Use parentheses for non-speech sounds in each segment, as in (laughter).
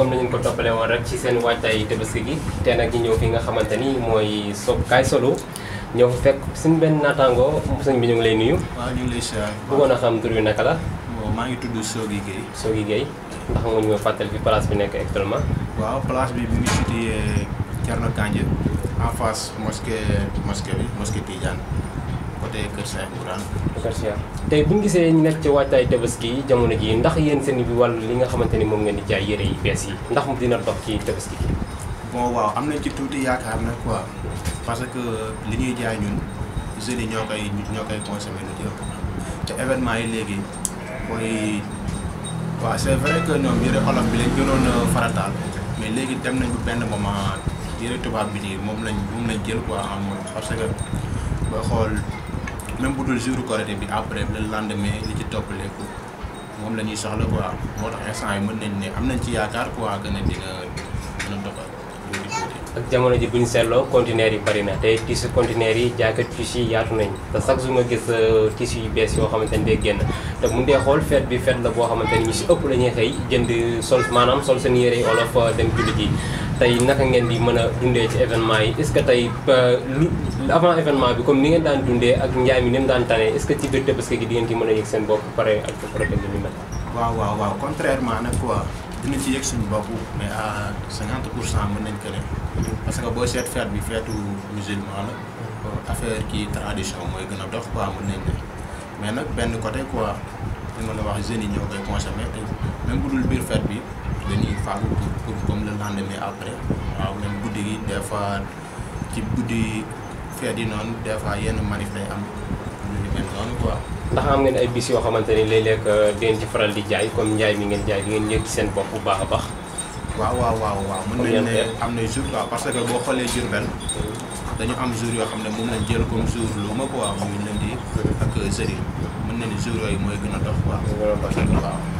comme dañu ko topalé won rek ci seen té tabaski gi té nak ñu ñëw fi nga xamanteni moy mooy kay kaay solo ñëw fekk suñu ben natango suñu bi ñu ngi lay nuyu. wa ñu ngi lay siyaar. bu wona xam tur nak la. mo ma ngi tuddu Sogi Gueye. Sogi Gueye ndax mo ñu fàttali fi place bi nek actuellement. wa place bi mi ngi situé Thierno Kandje en face mosquée mosquée bi mosquée Tidiane. côté Kër Cheikh Mourane. Kër Cheikh tey bu ñu gisee ñu nekk ci waajtaay tabaski yi jamono ji ndax yéen seen bi wàllu li nga xamante ni moom ngeen di jaay yére yi bees yi ndax dina dox ci tabaski bi. bon waaw am nañ ci tuuti yaakaar nag ko parce que li ñuy jaay ñun jeunes yi ñoo koy ñoo koy consommé lu ci ëpp te événement yi léegi mooy waaw c' est vrai que olof bi lañ gënoon farataal mais léegi dem nañ bu benn moment yére tubaab bi nii moom lañ moom nañ jël quoi am parce même bu dul jour korité bi après le lendemain li ci top le ko mom lañuy soxla quoi motax instant yi mën nañ ne am nañ ci yaakar quoi gëna a dina gën a ak jamono ji buñu sello conteneur yi bari na tay tissu conteneur yi jaakat tissu yi yaatu nañ te chaque jour nga gis euh, tissu yu bees yo xamanteni day genn te mu ndé xol fête bi fête la bo xamanteni ni ñu si ëpp lañuy xey jënd sol manam sol seen yéré wala fa dem julli ji tey naka ngeen di mën a dundee ci événement yi est-ce que tey euh, lu avant événement bi comme ni ngeen daan dundee ak njaay mi ni mu daan tane est-ce que ci biir di ngeen ci mën a yëg seen bopp pare ak projet bi ñu mel. waaw waaw waaw contrairement nag quoi dina ci yëg suñu bopp mais à 50 pour cent mën nañ ko ne parce que boo seet fête bi feetu musulman la mm-hmm. affaire kii tradition mooy gën a dox quoi mën nañ ne mais nag benn côté quoi. li ma la wax jeunes yi ñoo koy consommé te bi dañuy fàggu pour pour comme waaw même guddi gi des fois ci guddi fête am ñu mel noonu quoi. ndax am ngeen ay bis yoo xamante ni léeg-léeg euh, ngeen mi ngeen jaay di ngeen yëg ci seen bopp bu waaw waaw waaw waaw mën nañ am na jour waaw hmm. dañu am jour yoo xam ne moom jël comme jour lu ma quoi muy lundi hmm. ak jeudi ne ni jour yooyu moy gëna a dox quoi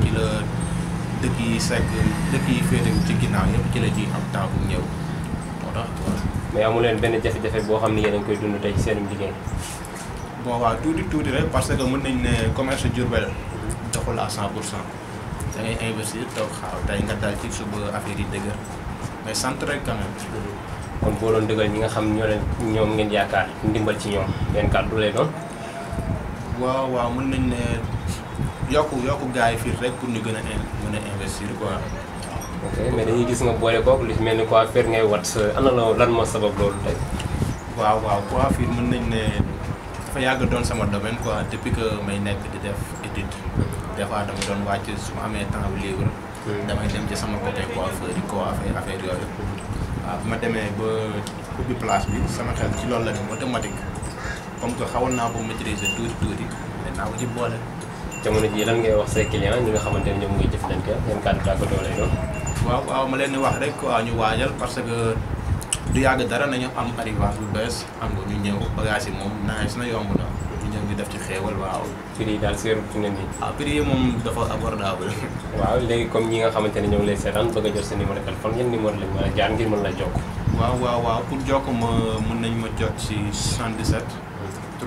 ci la dëkk yi sekk dëkk yi fété ci ginaaw yëpp ci la ci am temps bu ñëw motax tax mais amu leen benn jafé jafé bo xamni yeen yéen koy dund tey seen liggéey bo wa tuuti tuuti rek parce que mën nañ né commerce jurbel doxul à 100 da ngay investir toog xaw tay nga dal ci suba affaire yi dëgër mais sant rek quand même kon boo doon dëggal ñi nga xam ñoo leen ñoom ngeen yaakaar ndimbal ci ñoom leen kàddu lay doon waaw waaw mën nañ ne yokk yokk gars yi fii rek pour ñu gën a mën a investir quoi. ok mais dañuy gis nga boole kook li mel ni coiffure ngay wat ana la lan moo sabab loolu tey. waaw waaw coiffure mën nañ ne dafa yàgg doon sama domaine quoi depuis que may nekk di def étude des fois dama doon wàcc su ma amee temps bu libre hmm. damay dem ci sama côté coiffeur yi coiffeur affaire yooyu. waaw bu ma demee ba ubbi place bi sama xel ci loolu la dem automatique. comme que xawon na ko maîtriser tuuti tuuti naa ko ci boleh, jamono ji lan ngay wax say client ñi nga xamante ne ñoom ngay jëflante yan kàddu ko lay doon waaw waaw ma leen di wax rek waaw ñu waajal parce que du yàgg dara nañu am arrivage bu bees am ñu ñëw bagage yi moom naaj na yomb na ñu ñëw ñu def ci xéewal waaw prix yi daal seeru fi ne ah prix yi moom dafa abordable waaw léegi comme ñi nga xamante ne ñoom lay seetaan bëgg a jot sa numéro téléphone yan numéro lañ mën jaar ngir mën la jokk waaw waaw waaw pour jokk ma mën nañ ma ci 77 353 17 41. fii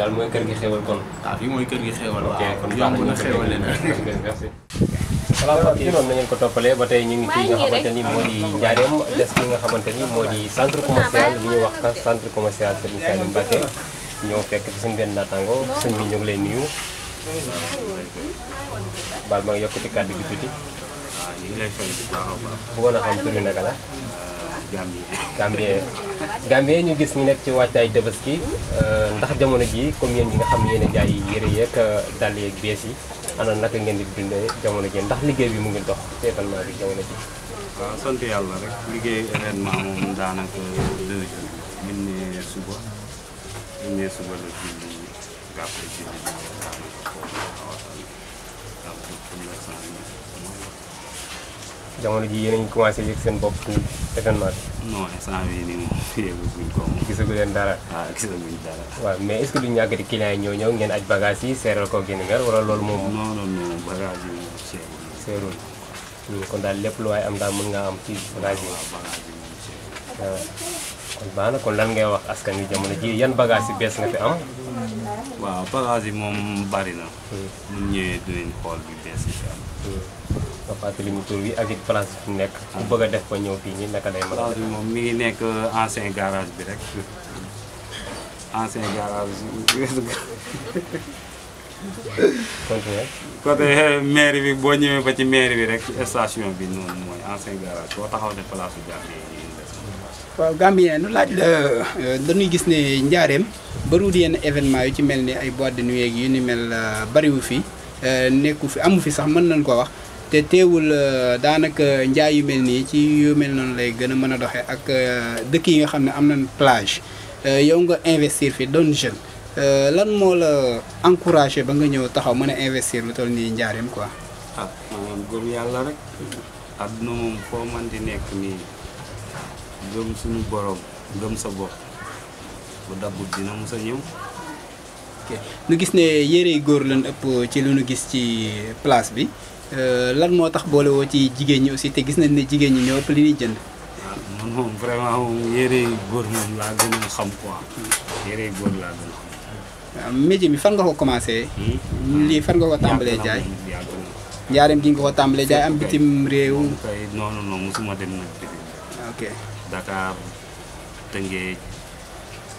daal mooy kër gi xéwal kon. waaw ah, fii mooy kër gi xéwal. ok kon yomb na xéwal leen (laughs) merci. voilà mbokk yi noonu la ngeen ko toppalee ba tey ñu ngi ci nga xamante ni moo di Njaareem des li nga xamante ni moo di centre commercial bu ñuy wax centre commercial Serigne Saliou Mbacké ñoo fekk ci suñu benn naataango sëñ bi ñu ngi lay nuyu. baal ma yokk ci kàddu gi tuuti. waaw ah, ñu ngi lay fay bu baax a baax. bëggoon a xam tur bi naka la. Gambie Gambie ñu gis ñu nekk ci waajtaay ki euh, ndax jamono ji comme yéen ñi nga xam ne yéen a jaay yére yeeg euh, dàll yeeg bees yi ana naka ngeen di dundee jamono ji ndax liggéey bi mu ngi dox ci événement bi jamono ji. sant yàlla rek liggéey événement moom daanaka deux jours ñun ne suba ñun ne suba la julli gàpp julli daanaka foofu la jamono ji yéen a commencé yëg seen bopp événement non instant bii nii moom yëgaguñ ko moom. gisagu leen dara. waaw ah, gisaguñ dara. waaw mais est ce que duñ ñàkkati client ñoo ñëw ngeen aj bagage yi seeral ko génn ngar wala non non non bagage yi kon lu am daal mën ngaa am ci bagage yi. bagage yi kon baax kon lan ngay wax askan jamono ji yan bagage yi nga fi am. bagage yi bari na. bi am. nga fàttali mu tur bi ak it place bi nekk. ku bëgg a def ba ñëw fii nii naka lay mën a. moom mi ngi nekk ancien garage bi rek ancien garage. continué. côté mairie bi boo ñëwee ba ci mairie bi rek station bi noonu mooy ancien garage boo taxaw ne place su Gambien yi waaw Gambien nu laaj la euh, dañuy gis ne njaareem bariwul yenn événement yu ci mel ni ay boîte de nuit yu ni mel euh, bariwu fi euh, nekku fi amu fi sax mën nañ koo wax. te teewul euh, daanaka njaay yu mel nii ci yu mel noonu lay gën a mën a doxee ak euh, dëkk yi nga xam ne am na plage euh, yow nga investir fi doon jeune lan moo la encouragé ba nga ñëw taxaw mën a investir lu toll nii njaarim quoi. ah maanaam gëm yàlla rek adduna moom foo man di nekk nii gëm suñu borom gëm sa bopp bu dabbut dina mos a ñëw. nu gis ne yére góor lañ ëpp ci lu nu gis ci place bi. Euh, lan moo tax boolewoo ci jigéen ñi aussi te gis nañ ne jigéen ñi ñoo ëpp li ñuy jënd. Ah, man moom vraiment moom yére góor moom laa gën a xam quoi. Hmm. yére yu góor laa ah, fan nga ko commencé. Hmm? lii fan nga ko tàmbalee jaay. njaareem gi nga ko tàmbalee jaay am bitim réew. non non ah, Tëngéej.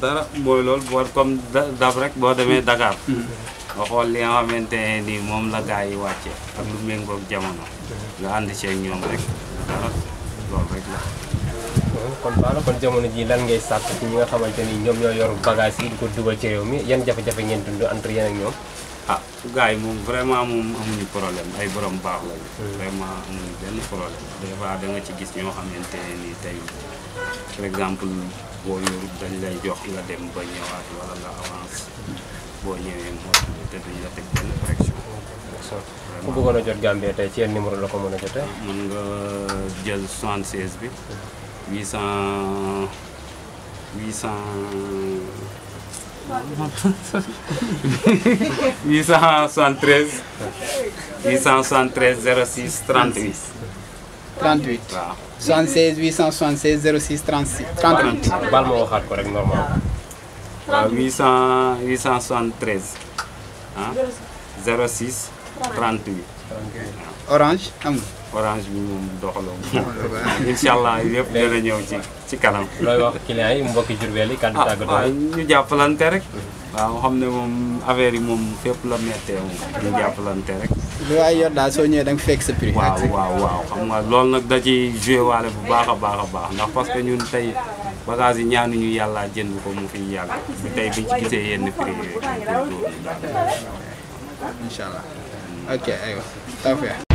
dara mooy loolu war comme daf rek boo demee Dakar. nga mm-hmm. xool li nga xamante ne nii moom la gaa yi wàcce ak lu méngoog jamono. nga ànd ceeg ñoom rek dara loolu rek la. Mm-hmm. kon baax na kon jamono ji lan ngay sàkk ci ñi nga xamante ni ñoom ñoo yor bagage yi di ko dugal ci réew mi yan jafe-jafe ngeen dund entre yéen ak ñoom. ah gars yi moom vraiment moom amuñu problème ay borom baax lañu. Hmm. vraiment amuñu benn problème des fois da nga ci gis ñoo xamante ne nii tey par exemple boo yorut dañ lay jox nga dem ba ñëwaat wala nga avance boo ñëwee moo te duñ la teg benn pression. vraiment ku bëggoon a jot Gambie tey ci yan numéro la ko mën a jotee. mën nga jël 76 bi 800 hmm. 800. 873 873 06 38 38 waaw 76 876 06 36 38 bal ma waxaat normal waaw 873 06 38 orange orange bi moom doxaloo moom. (laughs) incha allah yëpp dana ñëw ci kanam. looy wax clients mbokki Jurbel yi ah, ñu jàppalante rek. waaw xam ne moom affaire yi moom fépp la méttee moom ñu jàppalante rek. li waay yor daal soo ñëwee da fekk sa prix. waaw waaw xam nga loolu nag da ciy joué waale bu baax a baax a baax ndax parce que ñun tey bagage yi ñaan ñaanuñu yàlla jënd ko mu fiy yàgg tey biñ ci gisee yenn prix yooyu incha allah ok aywa tawfeex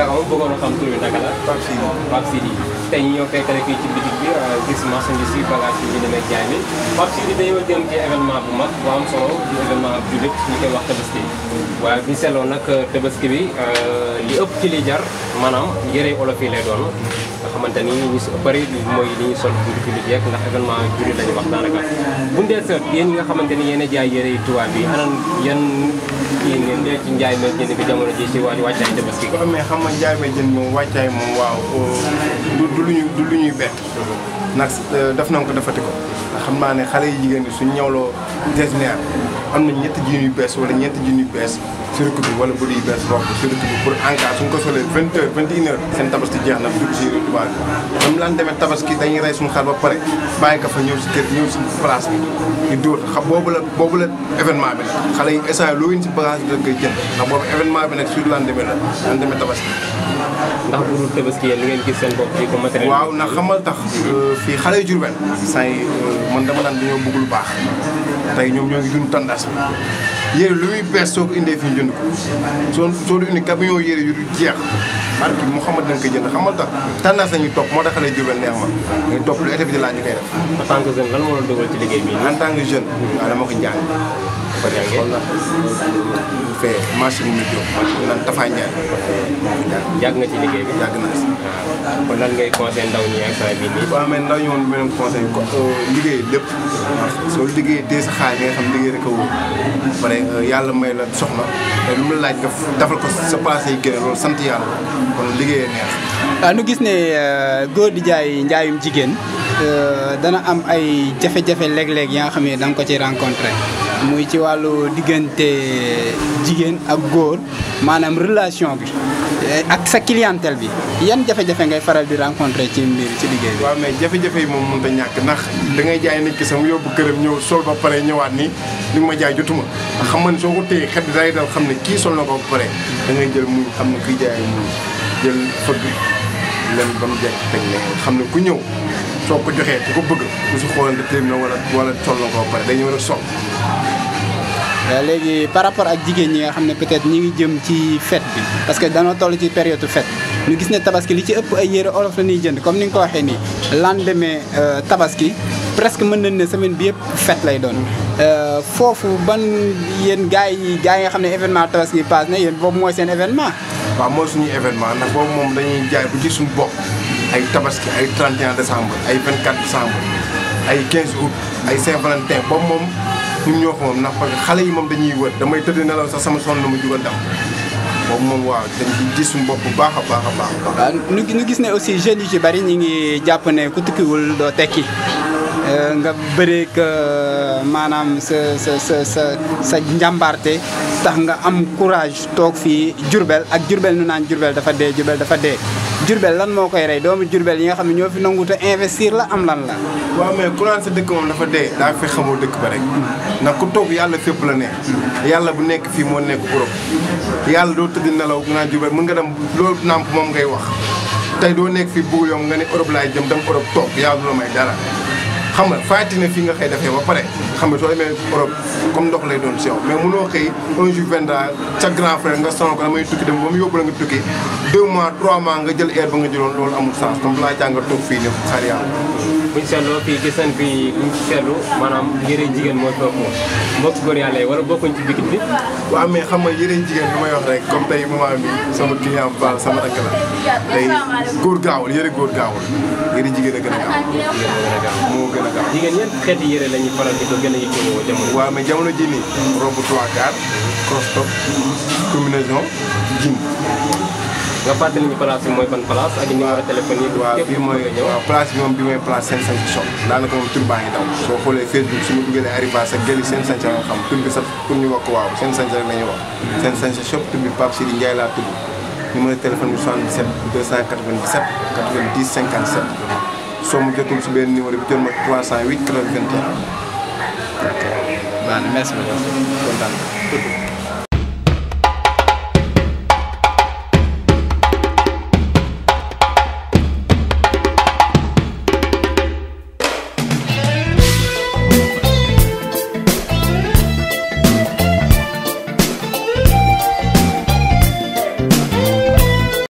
ndax ma bëggoon xam tur bi naka la. Pape Sidi Pape Sidi tey ñoo fekk rek fii ci bitig bi euh, gis marchandise yi bagage yi ñu demee jaay mi Pape Sidi dañoo jëm événement bu mag bu am solo di événement ab jullit ñu koy wax tabaski waaye bi seloo nag euh, tabaski bi euh, li ëpp ci li jar maanaam yëre olof yi lay doon. xamante ni ñu si bëri mooy li ñu sol bu julli jeeg ndax événement julli lañu wax daanaka xamante ni yéen a jaay yére yu tubaab bi anan njaay meeg jënd bi jamono waa wàccaay tabaski waaw mais xam nga njaay meeg jënd moom wàccaay moom waaw du du lu ñu lu ñuy bett nag euh, def nañ ko defati ko ndax xam naa ne xale yi jigéen ñi suñ ñëwloo desinère am na ñetti jin yu bees wala ñeenti jin yu bees surtout bi wala bëri yu bees ropp surtout bi pour en cas su ñu ko solee vingt heures vingt et une heures seen tabaski jeex na dugg si tubaab bi même lan demee tabaski dañuy rey suñu xar ba pare bàyyi ko fa ñëw si kër ñëw si place bi ñu dóor xam boobu la boobu la événement bi nag xale yi essayé loo yin si bagage bi da koy jënd ndax boobu événement bi nag sur lan demee la lan demee tabaski ndax bu dul tabaski yéen ngeen gis seen bopp ci ko matériel waaw na xamal tax euh, fii xale yu Jurbel saa yi euh, man dama naan dañoo bëgg lu baax tey ñoom ñoo ngi dund tandaas bi yére lu muy bees soo ko indee fii jënd ko soo soo du indi camion yére yu du jeex barki Mouhamad da nga koy jënd xamal tax tendance nañu topp moo tax xale jubal neex ma dañu topp lu état bi di laaj ñu koy def. en tant que moo la dugal ci liggéey bi. en tant que jeune. waaw dama ko jàng. ba jàngee fee marché bu météo. marché bu naan Tafa Ndiaye. yàgg nga ci liggéey bi ah. lan ngay conseil ndaw ñi instant bii nii. Euh, lépp. soo liggéeyee dee nga xam liggéey rek a euh, yàlla may la soxla laaj nga defal ko sant yàlla kon ah, gis ne euh, góor di jaay njaayum jigéen dana am ay jafe-jafe léeg-léeg yaa nga xam ne danga ko ci rencontré. muy ci wàllu diggante jigéen ak góor maanaam relation bi eh, ak sa clientèle bi yan jafe-jafe ngay faral di rencontrer ci mbir ci liggéey bi. waaw mais jafe-jafe yi moom mënut a ñàkk ndax dangay jaay nit ki sama yóbbu këram ñëw sol ba ñëwaat ni li ma jaay jotuma ndax xam nga ni soo ko téye xet day dal xam ne kii sol na ko ba pare da ngay jël mu xam ne kuy jaay mu jël fëgg leen ba mu jekk teg ne xam ne ku ñëw soo ko joxee ku ko bëgg ku si xoolante téye na wala wala sol na ko ba pare dañu a sol. Euh, léegi par rapport ak jigéen ñi nga xam ne peut-être ñi ngi jëm ci fet bi parce que danoo toll ci période fête ñu gis ne tabaski li ci ëpp ay yére olof la ñuy jënd comme ni nga ko waxee nii lendemain euh, tabaski presque mën nañ ne semaine bi yëpp fête lay doon euh, foofu ban yéen gars yi gars yi nga xam ne événement tabaski paas na yéen boobu mooy seen événement waaw mooy suñu événement nag boobu moom dañuy jaay bu ci suñu bopp ay tabaski ay 31 décembre ay 24 décembre ay 15 août ay Saint-Valentin moom ñun ñoo ko moom ndax xale yi moom dañuy wër damay tëdd nelaw sax sama sonn mu jugal dam boobu moom waaw dañ ci gis suñu bopp bu baax a baax a baax. waaw ñu gis ne aussi jeunes yu ci bari ñu ngi jàpp ne ku tukkiwul doo tekki. Euh, nga bëreeg euh, maanaam sa sa sa sa sa njàmbaarte tax nga am courage toog fii Jurbel ak Jurbel nu naan Jurbel dafa dee Jurbel dafa dee Jurbel lan moo koy rey doomu Jurbel yi nga xam ne ñoo fi nangu te investir la am lan la. waaw mais courant sa dëkk moom dafa dee daa fi xamoo dëkk ba rek ndax ku toog yàlla fépp la ne yàlla bu nekk fii moo nekk Europe yàlla doo tëdd nelaw naan Jurbel mën nga dem loolu nàmp moom ngay wax tey doo nekk fii bu yom nga ne Europe laay jëm dem Europe toog yàlla xam nga fàttali na fii nga xëy defee ba pare xam nga soo demee Europe comme ndox lay doon si yow mais mënoo xëy un jour viendra sa grand frère nga sonal ko damay tukki dem ba mu yóbbu la nga tukki deux mois trois mois nga jël air ba nga jëloon loolu amul sens comme laa jàngat toog fii ne xaar yàlla buñ seetloo fii gis nañ fii buñ seetlu maanaam yëre jigéen moo toog moom mbokk góor yàlla yi wala bokkuñ ci bikit bi waaw amee xam ma yëre jigéen lu may wax rek comme tey moment bi sama client baal sama rakk la tey góor gaawul yëre góor gaawul yëre jigéen a gën a gaaw moo gën a gaaw jigéen ñett xeeti yëre la ñuy faral di ko gën a yittewoo jamono waaw mais jamono ji nii robe trois quarts cross top combinaison jean nga fàttali ñu place bi mooy ban place ak numéro téléphone yi. waaw bi mooy waaw place bi moom bi mooy place Sen Santhie Shop. daanaka moom tur baa ngi daw soo xoolee Facebook su ma dugalee arrivage sa gëli Sen Santhie la xam bi sax pour ñu wax ko waaw Sen Santhie rek la ñuy wax. Sen Santhie Shop tur bi laa tudd numéro téléphone bi 77 297 90 soo mu jotul si benn numéro bi jot ma 308 91. ok baax na